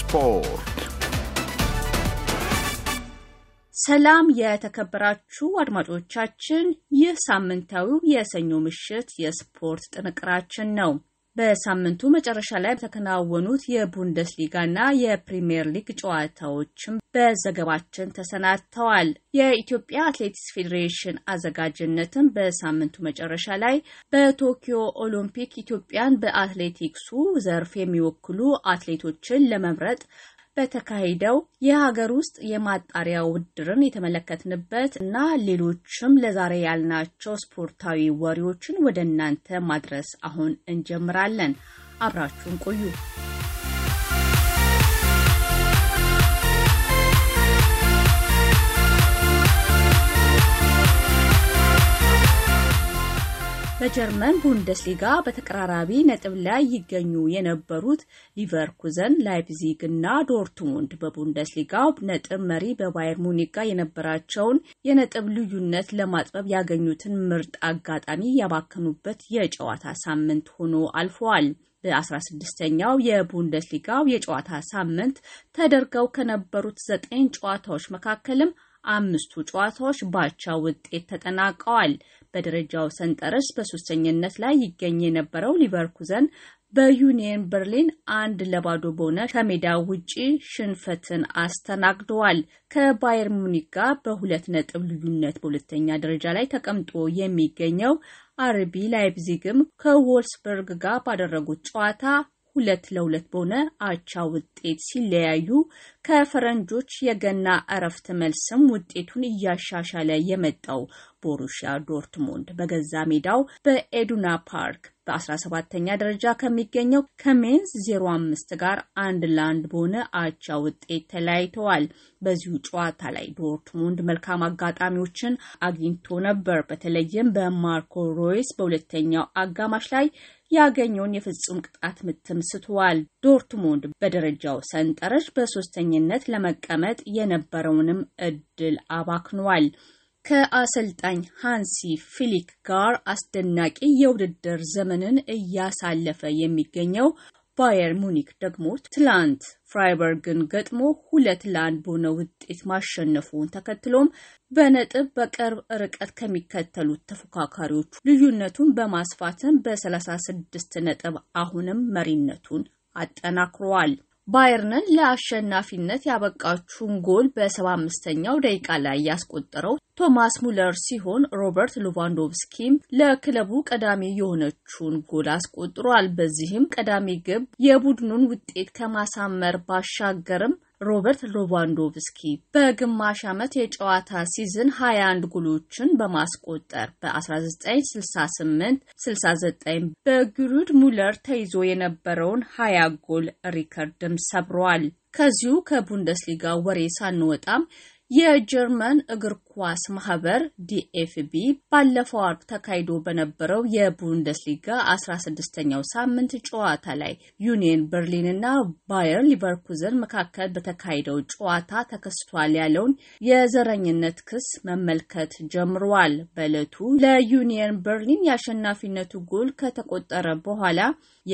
ስፖርት። ሰላም የተከበራችሁ አድማጮቻችን፣ ይህ ሳምንታዊው የሰኞ ምሽት የስፖርት ጥንቅራችን ነው። በሳምንቱ መጨረሻ ላይ በተከናወኑት የቡንደስሊጋና የፕሪምየር ሊግ ጨዋታዎችም በዘገባችን ተሰናድተዋል። የኢትዮጵያ አትሌቲክስ ፌዴሬሽን አዘጋጅነትም በሳምንቱ መጨረሻ ላይ በቶኪዮ ኦሎምፒክ ኢትዮጵያን በአትሌቲክሱ ዘርፍ የሚወክሉ አትሌቶችን ለመምረጥ በተካሄደው የሀገር ውስጥ የማጣሪያ ውድድርን የተመለከትንበት እና ሌሎችም ለዛሬ ያልናቸው ስፖርታዊ ወሬዎችን ወደ እናንተ ማድረስ አሁን እንጀምራለን። አብራችሁን ቆዩ። በጀርመን ቡንደስሊጋ በተቀራራቢ ነጥብ ላይ ይገኙ የነበሩት ሊቨርኩዘን፣ ላይፕዚግ እና ዶርትሙንድ በቡንደስሊጋው ነጥብ መሪ በባየር ሙኒክ ጋር የነበራቸውን የነጥብ ልዩነት ለማጥበብ ያገኙትን ምርጥ አጋጣሚ ያባከኑበት የጨዋታ ሳምንት ሆኖ አልፈዋል። በ16ኛው የቡንደስሊጋው የጨዋታ ሳምንት ተደርገው ከነበሩት ዘጠኝ ጨዋታዎች መካከልም አምስቱ ጨዋታዎች ባቻ ውጤት ተጠናቀዋል። በደረጃው ሰንጠረዥ በሶስተኝነት ላይ ይገኝ የነበረው ሊቨርኩዘን በዩኒየን በርሊን አንድ ለባዶ በሆነ ከሜዳ ውጪ ሽንፈትን አስተናግደዋል። ከባየር ሙኒክ ጋር በሁለት ነጥብ ልዩነት በሁለተኛ ደረጃ ላይ ተቀምጦ የሚገኘው አርቢ ላይፕዚግም ከዎልስበርግ ጋር ባደረጉት ጨዋታ ሁለት ለሁለት በሆነ አቻ ውጤት ሲለያዩ ከፈረንጆች የገና እረፍት መልስም ውጤቱን እያሻሻለ የመጣው ቦሩሺያ ዶርትሙንድ በገዛ ሜዳው በኤዱና ፓርክ በ17ኛ ደረጃ ከሚገኘው ከሜንዝ 05 ጋር አንድ ለአንድ በሆነ አቻ ውጤት ተለያይተዋል። በዚሁ ጨዋታ ላይ ዶርትሙንድ መልካም አጋጣሚዎችን አግኝቶ ነበር። በተለይም በማርኮ ሮይስ በሁለተኛው አጋማሽ ላይ ያገኘውን የፍጹም ቅጣት ምትም ስቷል። ዶርትሙንድ በደረጃው ሰንጠረዥ በሶስተኝነት ለመቀመጥ የነበረውንም እድል አባክኗል። ከአሰልጣኝ ሃንሲ ፊሊክ ጋር አስደናቂ የውድድር ዘመንን እያሳለፈ የሚገኘው ባየር ሙኒክ ደግሞ ትላንት ፍራይበርግን ገጥሞ ሁለት ለአንድ በሆነ ውጤት ማሸነፉን ተከትሎም በነጥብ በቅርብ ርቀት ከሚከተሉት ተፎካካሪዎቹ ልዩነቱን በማስፋትም በ36 ነጥብ አሁንም መሪነቱን አጠናክሯል። ባየርንን ለአሸናፊነት ያበቃችውን ጎል በ75ኛው ደቂቃ ላይ ያስቆጠረው ቶማስ ሙለር ሲሆን ሮበርት ሉቫንዶቭስኪም ለክለቡ ቀዳሚ የሆነችውን ጎል አስቆጥሯል። በዚህም ቀዳሚ ግብ የቡድኑን ውጤት ከማሳመር ባሻገርም ሮበርት ሎቫንዶቭስኪ በግማሽ ዓመት የጨዋታ ሲዝን 21 ጎሎችን በማስቆጠር በ1968 69 በግሩድ ሙለር ተይዞ የነበረውን 20 ጎል ሪከርድም ሰብሯል። ከዚሁ ከቡንደስሊጋ ወሬ ሳንወጣም የጀርመን እግር ኳስ ማህበር ዲኤፍቢ ባለፈው አርብ ተካሂዶ በነበረው የቡንደስሊጋ 16ኛው ሳምንት ጨዋታ ላይ ዩኒየን በርሊን እና ባየር ሊቨርኩዘን መካከል በተካሄደው ጨዋታ ተከስቷል ያለውን የዘረኝነት ክስ መመልከት ጀምሯል። በዕለቱ ለዩኒየን በርሊን የአሸናፊነቱ ጎል ከተቆጠረ በኋላ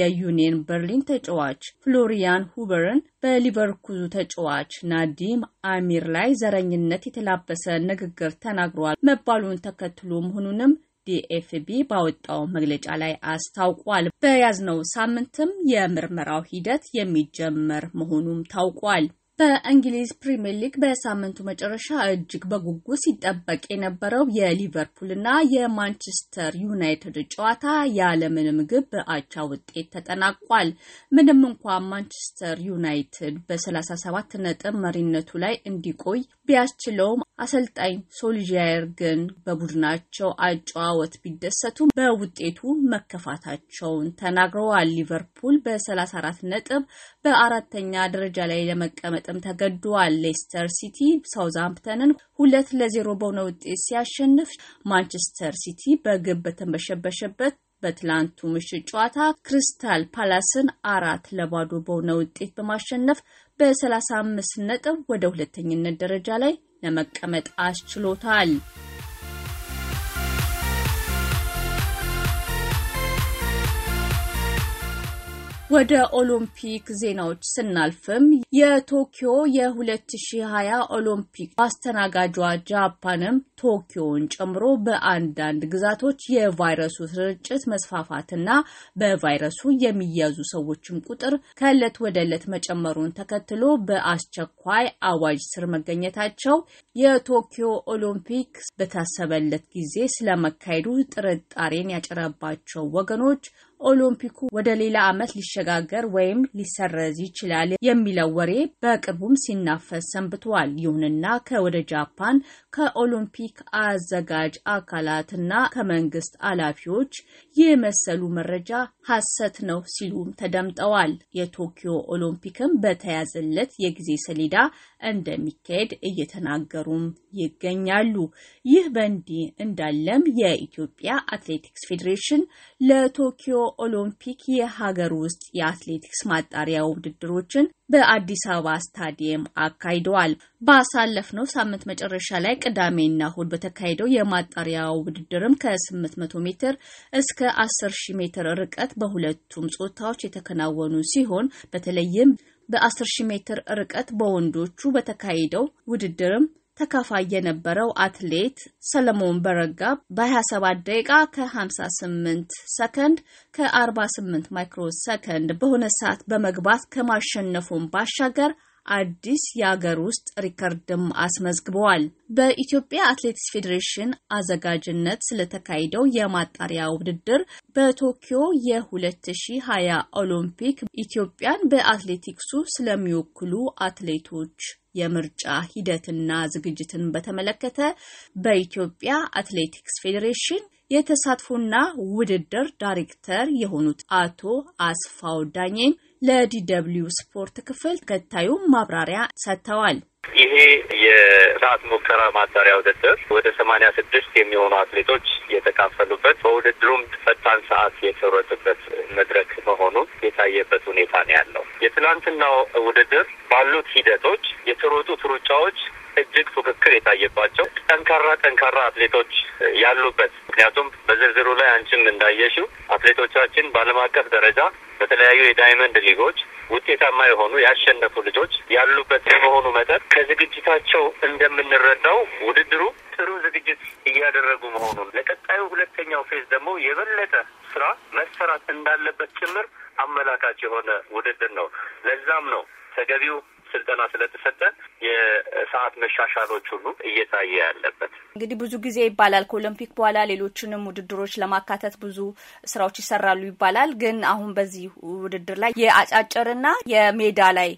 የዩኒየን በርሊን ተጫዋች ፍሎሪያን ሁበርን በሊቨርኩዙ ተጫዋች ናዲም አሚር ላይ ዘረኝ ዘረኝነት የተላበሰ ንግግር ተናግሯል መባሉን ተከትሎ መሆኑንም ዲኤፍቢ ባወጣው መግለጫ ላይ አስታውቋል። በያዝነው ሳምንትም የምርመራው ሂደት የሚጀመር መሆኑም ታውቋል። በእንግሊዝ ፕሪምየር ሊግ በሳምንቱ መጨረሻ እጅግ በጉጉት ሲጠበቅ የነበረው የሊቨርፑልና የማንቸስተር ዩናይትድ ጨዋታ ያለምንም ግብ በአቻ ውጤት ተጠናቋል። ምንም እንኳን ማንቸስተር ዩናይትድ በ37 ነጥብ መሪነቱ ላይ እንዲቆይ ቢያስችለውም አሰልጣኝ ሶልጃየር ግን በቡድናቸው አጨዋወት ቢደሰቱም በውጤቱ መከፋታቸውን ተናግረዋል። ሊቨርፑል በ34 ነጥብ በአራተኛ ደረጃ ላይ ለመቀመጥ እንዲገጥም ተገዷል። ሌስተር ሲቲ ሳውዝሃምፕተንን ሁለት ለዜሮ በሆነ ውጤት ሲያሸንፍ ማንቸስተር ሲቲ በግብ በተንበሸበሸበት በትላንቱ ምሽት ጨዋታ ክሪስታል ፓላስን አራት ለባዶ በሆነ ውጤት በማሸነፍ በ35 ነጥብ ወደ ሁለተኝነት ደረጃ ላይ ለመቀመጥ አስችሎታል። ወደ ኦሎምፒክ ዜናዎች ስናልፍም የቶኪዮ የ2020 ኦሎምፒክ አስተናጋጇ ጃፓንም ቶኪዮን ጨምሮ በአንዳንድ ግዛቶች የቫይረሱ ስርጭት መስፋፋትና በቫይረሱ የሚያዙ ሰዎችም ቁጥር ከእለት ወደ ዕለት መጨመሩን ተከትሎ በአስቸኳይ አዋጅ ስር መገኘታቸው የቶኪዮ ኦሎምፒክ በታሰበለት ጊዜ ስለመካሄዱ ጥርጣሬን ያጨረባቸው ወገኖች ኦሎምፒኩ ወደ ሌላ ዓመት ሊሸጋገር ወይም ሊሰረዝ ይችላል የሚለው ወሬ በቅርቡም ሲናፈስ ሰንብተዋል። ይሁንና ከወደ ጃፓን ከኦሎምፒክ አዘጋጅ አካላትና ከመንግስት ኃላፊዎች ይህ መሰሉ መረጃ ሐሰት ነው ሲሉም ተደምጠዋል። የቶኪዮ ኦሎምፒክም በተያዘለት የጊዜ ሰሌዳ እንደሚካሄድ እየተናገሩም ይገኛሉ። ይህ በእንዲህ እንዳለም የኢትዮጵያ አትሌቲክስ ፌዴሬሽን ለቶኪዮ ኦሎምፒክ የሀገር ውስጥ የአትሌቲክስ ማጣሪያ ውድድሮችን በአዲስ አበባ ስታዲየም አካሂደዋል። ባሳለፍነው ሳምንት መጨረሻ ላይ ቅዳሜና እሁድ በተካሄደው የማጣሪያ ውድድርም ከ800 ሜትር እስከ 10000 ሜትር ርቀት በሁለቱም ጾታዎች የተከናወኑ ሲሆን በተለይም በ10000 ሜትር ርቀት በወንዶቹ በተካሄደው ውድድርም ተካፋይ የነበረው አትሌት ሰለሞን በረጋ በ27 ደቂቃ ከ58 ሰከንድ ከ48 ማይክሮ ሰከንድ በሆነ ሰዓት በመግባት ከማሸነፉን ባሻገር አዲስ የአገር ውስጥ ሪከርድም አስመዝግበዋል። በኢትዮጵያ አትሌቲክስ ፌዴሬሽን አዘጋጅነት ስለተካሄደው የማጣሪያ ውድድር በቶኪዮ የ2020 ኦሎምፒክ ኢትዮጵያን በአትሌቲክሱ ስለሚወክሉ አትሌቶች የምርጫ ሂደትና ዝግጅትን በተመለከተ በኢትዮጵያ አትሌቲክስ ፌዴሬሽን የተሳትፎና ውድድር ዳይሬክተር የሆኑት አቶ አስፋው ዳኘን ለዲደብሊው ስፖርት ክፍል ተከታዩ ማብራሪያ ሰጥተዋል። ይሄ የሰዓት ሙከራ ማጣሪያ ውድድር ወደ ሰማኒያ ስድስት የሚሆኑ አትሌቶች የተካፈሉበት በውድድሩም ፈጣን ሰዓት የተሮጡበት መድረክ መሆኑ የታየበት ሁኔታ ነው ያለው። የትናንትናው ውድድር ባሉት ሂደቶች የተሮጡት ሩጫዎች እጅግ ፉክክር የታየባቸው ጠንካራ ጠንካራ አትሌቶች ያሉበት ምክንያቱም በዝርዝሩ ላይ አንቺም እንዳየሽው አትሌቶቻችን በዓለም አቀፍ ደረጃ በተለያዩ የዳይመንድ ሊጎች ውጤታማ የሆኑ ያሸነፉ ልጆች ያሉበት የመሆኑ መጠን ከዝግጅታቸው እንደምንረዳው ውድድሩ ጥሩ ዝግጅት እያደረጉ መሆኑን ለቀጣዩ ሁለተኛው ፌዝ ደግሞ የበለጠ ስራ መሰራት እንዳለበት ጭምር አመላካች የሆነ ውድድር ነው። ለዛም ነው ተገቢው ስልጠና ስለተሰጠ የሰዓት መሻሻሎች ሁሉ እየታየ ያለበት እንግዲህ ብዙ ጊዜ ይባላል ከኦሎምፒክ በኋላ ሌሎችንም ውድድሮች ለማካተት ብዙ ስራዎች ይሰራሉ ይባላል። ግን አሁን በዚህ ውድድር ላይ የአጫጭርና የሜዳ ላይ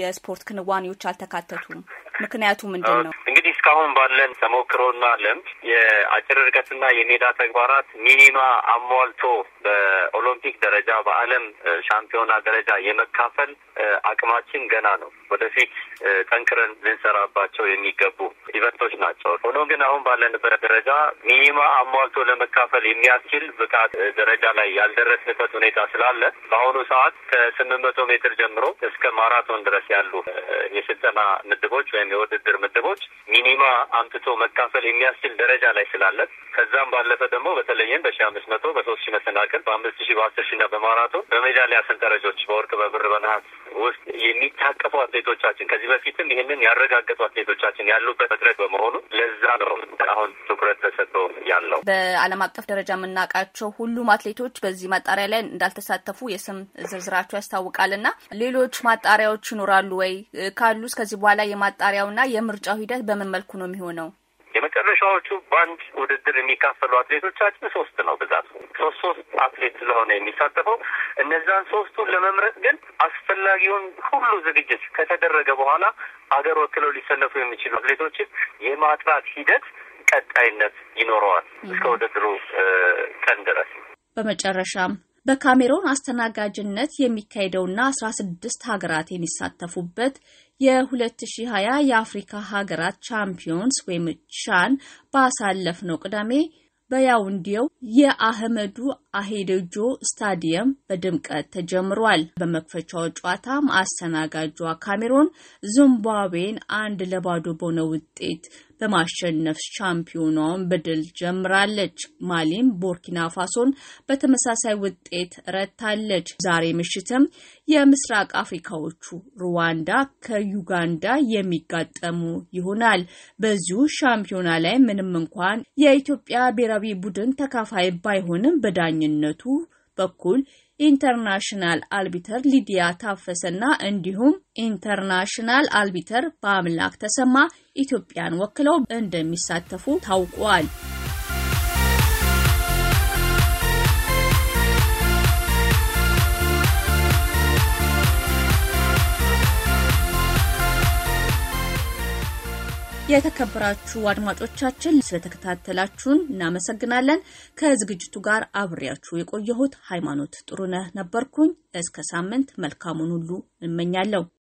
የስፖርት ክንዋኔዎች አልተካተቱም። ምክንያቱ ምንድን ነው? እንግዲህ እስካሁን ባለን ተሞክሮና ልምድ የአጭር ርቀትና የሜዳ ተግባራት ሚኒማ አሟልቶ በኦሎምፒክ ደረጃ በዓለም ሻምፒዮና ደረጃ የመካፈል አቅማችን ገና ነው። ወደፊት ጠንክረን ልንሰራባቸው የሚገቡ ኢቨንቶች ናቸው። ሆኖ ግን አሁን ባለንበት ደረጃ ሚኒማ አሟልቶ ለመካፈል የሚያስችል ብቃት ደረጃ ላይ ያልደረስንበት ሁኔታ ስላለ በአሁኑ ሰዓት ከስምንት መቶ ሜትር ጀምሮ እስከ ማራቶን ድረስ ያሉ የስልጠና ምድቦች ወይም የውድድር ምድቦች ሚኒማ አምጥቶ መካፈል የሚያስችል ደረጃ ላይ ስላለ ከዛም ባለፈ ደግሞ በተለይም በሺ አምስት መቶ በሶስት ሺ መሰናክል በአምስት ሺ በአስር ሺ እና በማራቶን በሜዳሊያ ሰንጠረዦች በወርቅ በብር በነሐስ ውስጥ የሚታቀፉ አትሌቶቻችን ከዚህ በፊትም ይህንን ያረጋገጡ አትሌቶቻችን ያሉበት መድረክ በመሆኑ ለዛ ነው አሁን ትኩረት ተሰጥቶ ያለው። በዓለም አቀፍ ደረጃ የምናውቃቸው ሁሉም አትሌቶች በዚህ ማጣሪያ ላይ እንዳልተሳተፉ የስም ዝርዝራቸው ያስታውቃል። እና ሌሎች ማጣሪያዎች ይኖራሉ ወይ? ካሉስ ከዚህ በኋላ የማጣሪያውና የምርጫው ሂደት በምን መልኩ ነው የሚሆነው? መጨረሻዎቹ በአንድ ውድድር የሚካፈሉ አትሌቶቻችን ሶስት ነው ብዛት ሶስት ሶስት አትሌት ስለሆነ የሚሳተፈው እነዛን ሶስቱን ለመምረጥ ግን አስፈላጊውን ሁሉ ዝግጅት ከተደረገ በኋላ አገር ወክለው ሊሰለፉ የሚችሉ አትሌቶችን የማጥራት ሂደት ቀጣይነት ይኖረዋል እስከ ውድድሩ ቀን ድረስ። በመጨረሻም በካሜሮን አስተናጋጅነት የሚካሄደውና አስራ ስድስት ሀገራት የሚሳተፉበት የ2020 የአፍሪካ ሀገራት ቻምፒዮንስ ወይም ቻን ባሳለፍነው ቅዳሜ በያውንዴው የአህመዱ አሄደጆ ስታዲየም በድምቀት ተጀምሯል። በመክፈቻው ጨዋታ አስተናጋጇ ካሜሮን ዚምባብዌን አንድ ለባዶ በሆነ ውጤት በማሸነፍ ሻምፒዮናውን በድል ጀምራለች። ማሊም ቦርኪና ፋሶን በተመሳሳይ ውጤት ረታለች። ዛሬ ምሽትም የምስራቅ አፍሪካዎቹ ሩዋንዳ ከዩጋንዳ የሚጋጠሙ ይሆናል። በዚሁ ሻምፒዮና ላይ ምንም እንኳን የኢትዮጵያ ብሔራዊ ቡድን ተካፋይ ባይሆንም በዳኛ ዳኝነቱ በኩል ኢንተርናሽናል አልቢተር ሊዲያ ታፈሰና እንዲሁም ኢንተርናሽናል አልቢተር በአምላክ ተሰማ ኢትዮጵያን ወክለው እንደሚሳተፉ ታውቋል። የተከበራችሁ አድማጮቻችን ስለተከታተላችሁን እናመሰግናለን። ከዝግጅቱ ጋር አብሬያችሁ የቆየሁት ሃይማኖት ጥሩነህ ነበርኩኝ። እስከ ሳምንት መልካሙን ሁሉ እመኛለሁ።